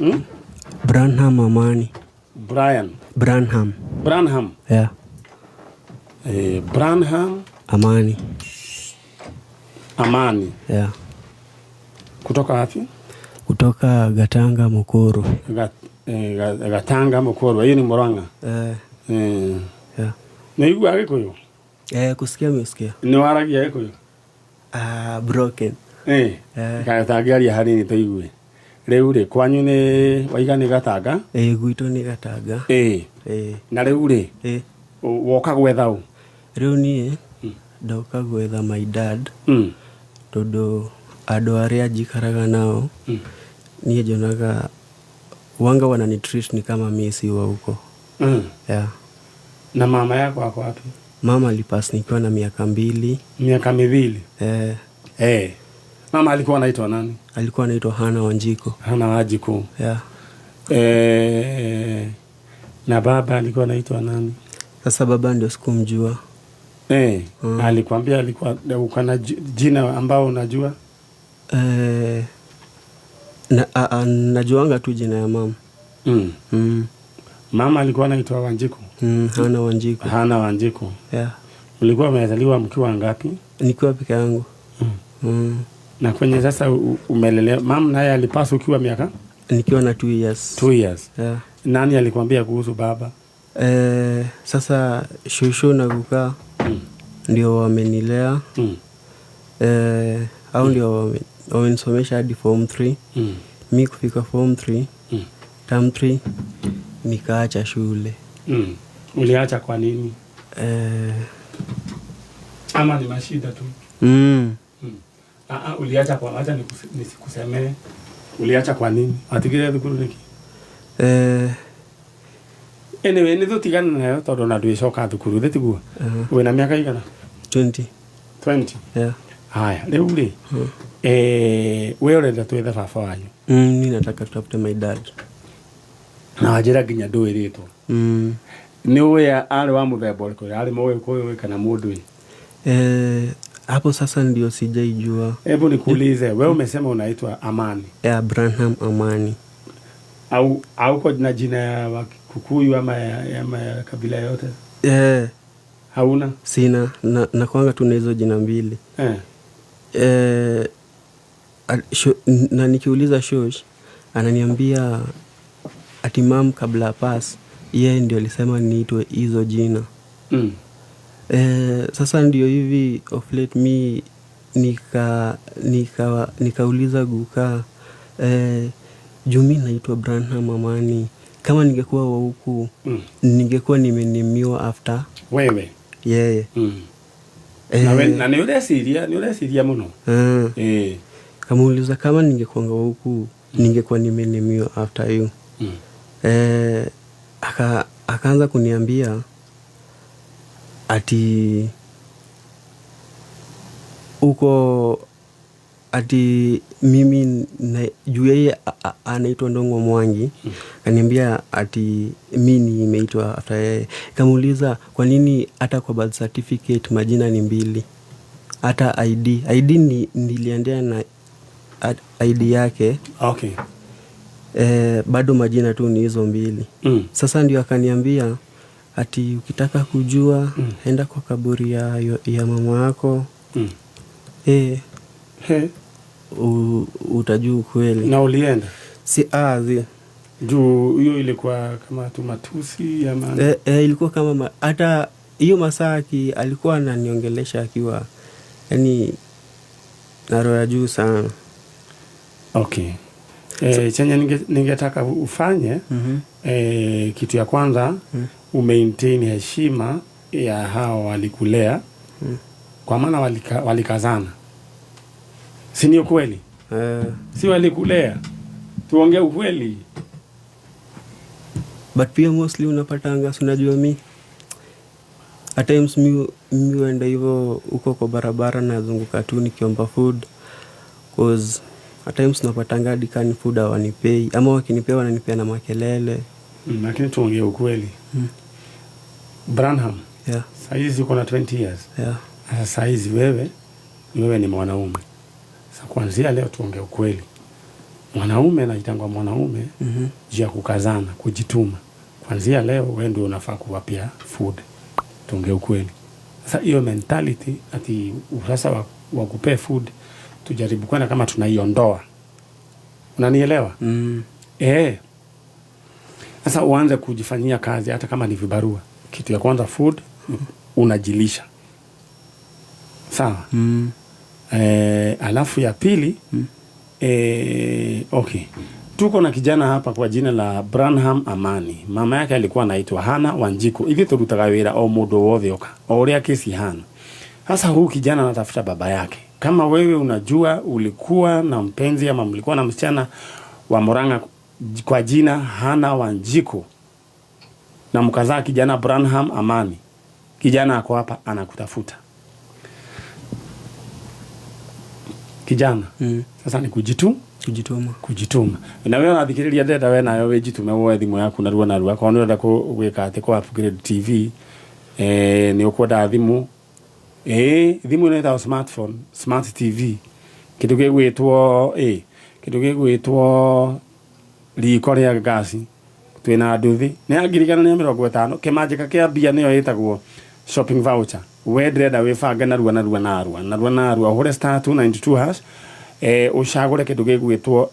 Hmm? Branham Amani. Brian. Branham. Branham. Yeah. Eh, Branham Amani. Amani. Yeah. Kutoka wapi? Kutoka Gatanga Mukuru. Gat, eh, Gatanga Mukuru. Hiyo ni Murang'a. Eh. Eh. Yeah. Na yuko yako hiyo? Eh, kusikia msikia. Ni waragi yako hiyo? Ah, broken. Eh. Eh. Kaita gari ya harini taiwe u rä kwanyu nä waiga nä gatanga ää gwitå nä gatanga ä na rä u rä woka gwetha å rä u niä hm. ndoka gwetha my dad hm. tondå andå arä a njikaraga nao hm. niä njonaga wanga wanani ni kama misi wa huko mm. na mama yako ako wapi mama alipas nikiwa na miaka mbili miaka miwili eh. Eh. Mama alikuwa anaitwa nani? Alikuwa anaitwa Hana Wanjiko. Hana Wanjiko. Yeah. E, na baba alikuwa anaitwa nani? Sasa baba ndio sikumjua. E, hmm. Alikwambia alikuwa ukana jina ambao unajua? E, na, a, a, najuanga tu jina ya mama. Mm. Mm. Mama alikuwa anaitwa Wanjiko. Mm, Hana Wanjiko. Hana Wanjiko. Yeah. ulikuwa umezaliwa mkiwa ngapi? Nikiwa peke yangu. Mm. Mm. Na kwenye sasa umelelewa, mama naye alipaswa ukiwa miaka nikiwa na two years. Two years. Yeah. Nani alikwambia kuhusu baba? Eh, sasa shushu na kukaa mm. ndio wamenilea mm. eh, au ndio mm. wamenisomesha hadi form 3 mm. mi kufika form 3 mm. term 3 nikaacha shule mm. Uliacha kwa nini? Eh, ama ni mashida tu mm. Ah, ah, uliacha kwa acha nisikusemee. Uliacha kwa nini? Atigire thukuru niki. Eh. Anyway, nithu tigana nayo tondu na ndwicoka thukuru thitiguo. Uh-huh. Wina miaka igana? 20. 20. Yeah. Haya, leo ri. Uh-huh. Eh, wewe urenda twethe baba wanyu. Mm, mimi nataka tutafute my dad. Na wajira nginya ndũĩ rĩtwa. Mm. Nĩ ũĩ arĩ wa mũthemba ũrĩkũ? Arĩ mũgĩkũyũ kana mũndũ? Eh, hapo sasa ndio sijaijua. Hebu nikuulize, wewe umesema unaitwa Amani Abraham Amani au au kwa na jina ya Wakikuyu ama ya, ama ya kabila yote eh? Hauna? Sina na, nakwanga tuna hizo jina mbili eh. Eh, na nikiuliza shosh ananiambia atimam kabla ya pas yeye ndio alisema niitwe hizo jina mm. E, sasa ndio hivi of late mi nika, nika, nika guka e, eh, jumi naitwa Branham Amani. Kama ningekuwa wa huku mm. ningekuwa nimenimiwa after wewe yeye yeah. mm. e, na eh. nä å reciria må no kamauliza kama ningekwanga wa huku mm. ningekuwa nimenimiwa after you mm. e, akaanza kuniambia ati uko ati mimi juu yeye anaitwa Ndongo Mwangi mm. aniambia ati mi nimeitwa after yeye. Kamuuliza kwa nini hata kwa birth certificate majina ni mbili, hata ID ID ni, niliendea na ID yake ah, okay. E, bado majina tu ni hizo mbili mm. Sasa ndio akaniambia ati ukitaka kujua mm. enda kwa kaburi ya, ya mama yako mm. e, hey. utajua ukweli. Na ulienda? Si azi juu hiyo ilikuwa kama tu matusi ama e, e, ilikuwa kama hata hiyo Masaki alikuwa ananiongelesha akiwa yani na roho ya juu sana. Okay. E, chenye ningetaka ninge ufanye mm -hmm. e, kitu ya kwanza mm -hmm umaintain heshima ya hao walikulea hmm. Kwa maana walika, walikazana, si ni ukweli hmm. Si walikulea, tuongee ukweli. But pia mostly unapatanga, unajua mi at times mi mienda hivyo huko kwa barabara nazunguka tu nikiomba food cause at times napatanga dikani kani food hawanipei ama wakinipea wananipea na makelele, hmm, lakini mm, tuongee ukweli hmm. Branham yeah. Saizi uko na 20 years yeah. Sasa saizi wewe wewe ni mwanaume sasa, kuanzia leo tuongee ukweli, mwanaume naitangwa mwanaume mm -hmm. juu ya kukazana, kujituma. Kuanzia leo wewe ndio unafaa kuwapia food, tuongee ukweli. Sasa hiyo mentality ati usasa wa, wa kupea food tujaribu kwenda kama tunaiondoa, unanielewa? mm. Eh, sasa uanze kujifanyia kazi hata kama ni vibarua kitu ya kwanza food unajilisha sawa mm e, alafu ya pili mm e, okay tuko na kijana hapa kwa jina la Branham Amani. Mama yake alikuwa anaitwa Hana Wanjiku. Ithi turutaga wira o mundu wothe oka o uria kesi hana. Sasa huu kijana anatafuta baba yake. Kama wewe unajua ulikuwa na mpenzi ama mlikuwa na msichana wa Murang'a kwa jina Hana Wanjiku na mkazaa kijana Branham Amani. Kijana ako hapa anakutafuta kijana mm. Sasa ni kujitu kujituma kujituma na wewe unathikiriria data wewe nayo wewe jitume wewe thimu yako na ruwa na ruwa kwa nenda ku weka ate kwa upgrade TV eh ni uko da thimu eh thimu tao smartphone smart TV kitu gigwitwo eh kitu gigwitwo riko rĩa gasi mm twina nduthi nä ya ngiri mirongo rä mĩrongo ĩtano bia kĩa mbia shopping voucher we ndĩrenda wĩbange narua narua narua narua narua hore star 292 hash eh, ushagure kĩndũ gigwitwo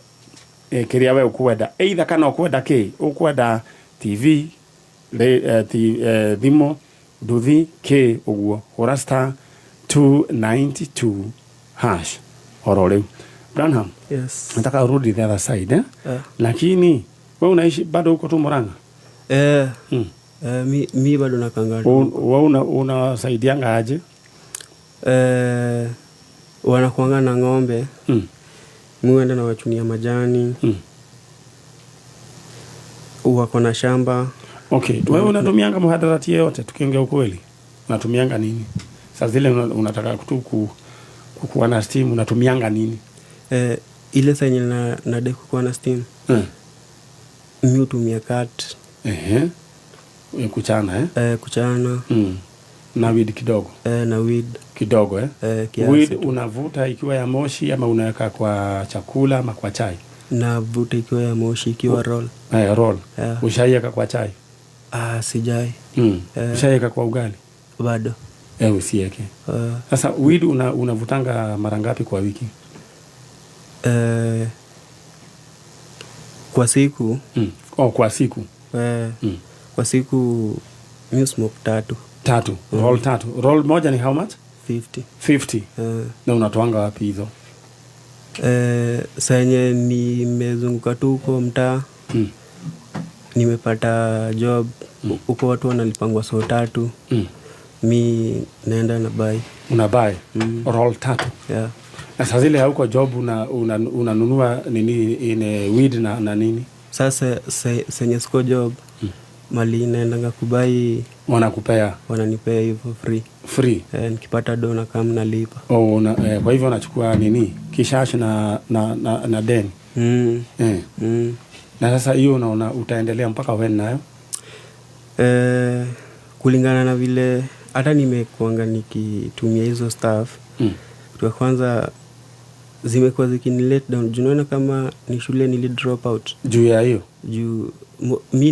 eh, kiria we ukwenda either kana ukwenda kĩ ukwenda tv le eh, t, eh, thimũ nduthi kĩ ũguo hũra star 292 hash oro rĩu Branham yes. nataka urudi the other side eh? uh. lakini wewe unaishi bado huko tu Murang'a? Eh, hmm. Eh, mi, mi bado nakangali. Wewe una unawasaidianga aje? Eh, wanakuanga na ng'ombe mm. Muenda na wachunia majani mm. Wako na shamba. Okay, wewe unatumianga mhadarati yote? Tukiongea ukweli, unatumianga nini? Saa zile unataka tu ku kukuwa na steam, unatumianga nini? Eh, ile senye na, deku kukuwa na steam mm mi hutumia kat eh, kuchana eh? Eh, kuchana mm. na weed kidogo eh, na weed kidogo eh? eh kiasi weed unavuta ikiwa ya moshi ama unaweka kwa chakula ama kwa chai? Navuta ikiwa ya moshi, ikiwa roll eh, roll yeah. Ushaiweka kwa chai? Ah, sijai mm. Eh. ushaiweka kwa ugali bado eh, usiweke eh. sasa. Uh, una, unavutanga mara ngapi kwa wiki? Eh, kwa siku mm. Oh, kwa siku eh, mm. Kwa siku mi smoke tatu tatu mm. roll tatu roll moja ni how much? 50 50 eh. Na unatoanga wapi hizo eh? Senye nimezunguka tu huko mtaa mm. nimepata job huko mm. watu wanalipangwa soo tatu mm. mi naenda na bai una bai mm. roll tatu yeah. Na saa zile hauko job unanunua una, una nini ine weed na, na nini sasa se, senye siko job hmm. mali inaendanga kubai wanakupea wananipea hivyo free free e, nikipata do na kam nalipa oh, una, eh, kwa hivyo unachukua nini kishash na, na, na, na den mm. e. Mm. na sasa hiyo unaona utaendelea mpaka wen nayo e, kulingana na vile hata nimekuanga nikitumia hizo staff mm. kitu ya kwanza zimekuwa zikini juu naona kama ni shule nili drop out juu ya hiyo juu mi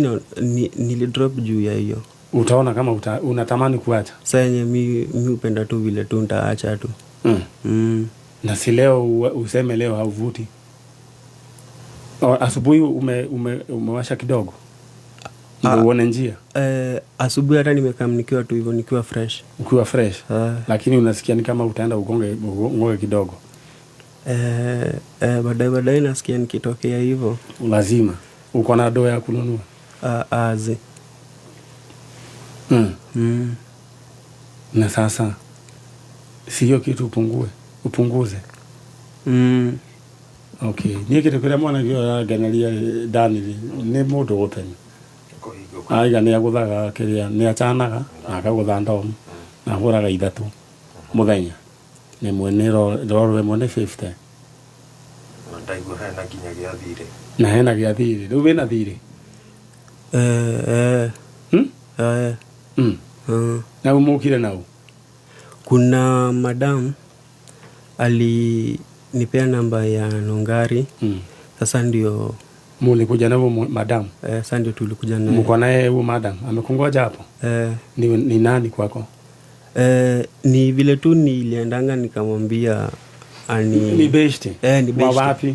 nili drop juu ya hiyo utaona kama uta, unatamani kuacha saa yenye mi, mi upenda tu vile tu ntaacha tu mm. Mm. na si leo useme leo hauvuti asubuhi ume, ume, umewasha kidogo ah, uone njia eh, asubuhi hata nimekam nikiwa tu hivyo nikiwa fresh ukiwa fresh ah. lakini unasikia ni kama utaenda ugonge, ngoe kidogo Eh, eh, baadaye baadaye nasikia nikitokea hivyo. Lazima uko na doa ya kununua azi mm. Mm. na sasa sio kitu upungue upunguze mm. okay niä kitu kile mwana kio arangeneria danili nä må ndå gå tenya aiga nä agå thaga kä rä a na akagå tha ndomu na hå nä mwene rorwe mwene fifte na hena gä a thirä rä u wä na thirä na u må kire nau kuna madam ali nipea namba ya nongari mm. sasa ndio mulikuja navo madam eh, sasa ndio tulikuja naye mko na huo madam amekungoja hapo eh. ni, ni nani kwako Eh, ni vile tu niliendanga nikamwambia ani ni best Eh, ni best Wa wapi?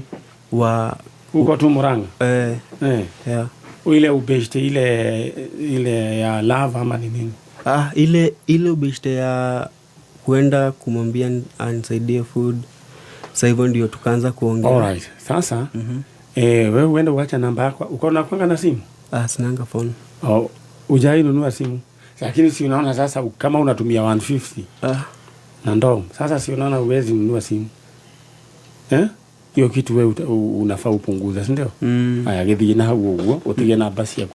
Wa huko tu Murang'a. Eh. Eh. Yeah. Ile ubeshte ile ile ya lava ama ni nini? Ah, ile ile ubeshte ya kwenda kumwambia anisaidie food. Sasa hivyo ndio tukaanza kuongea. all right Sasa mm -hmm. Eh, wewe uende uacha namba yako. Uko na kwanga na simu? Ah, sinanga phone. Oh, ujai nunua simu? Lakini si unaona sasa kama unatumia 150 ah, eh. na ndo sasa si unaona uwezi nunua simu eh? Hiyo kitu wewe unafaa upunguza, si ndio? Mm. Aya githii na hau uguo utige na basi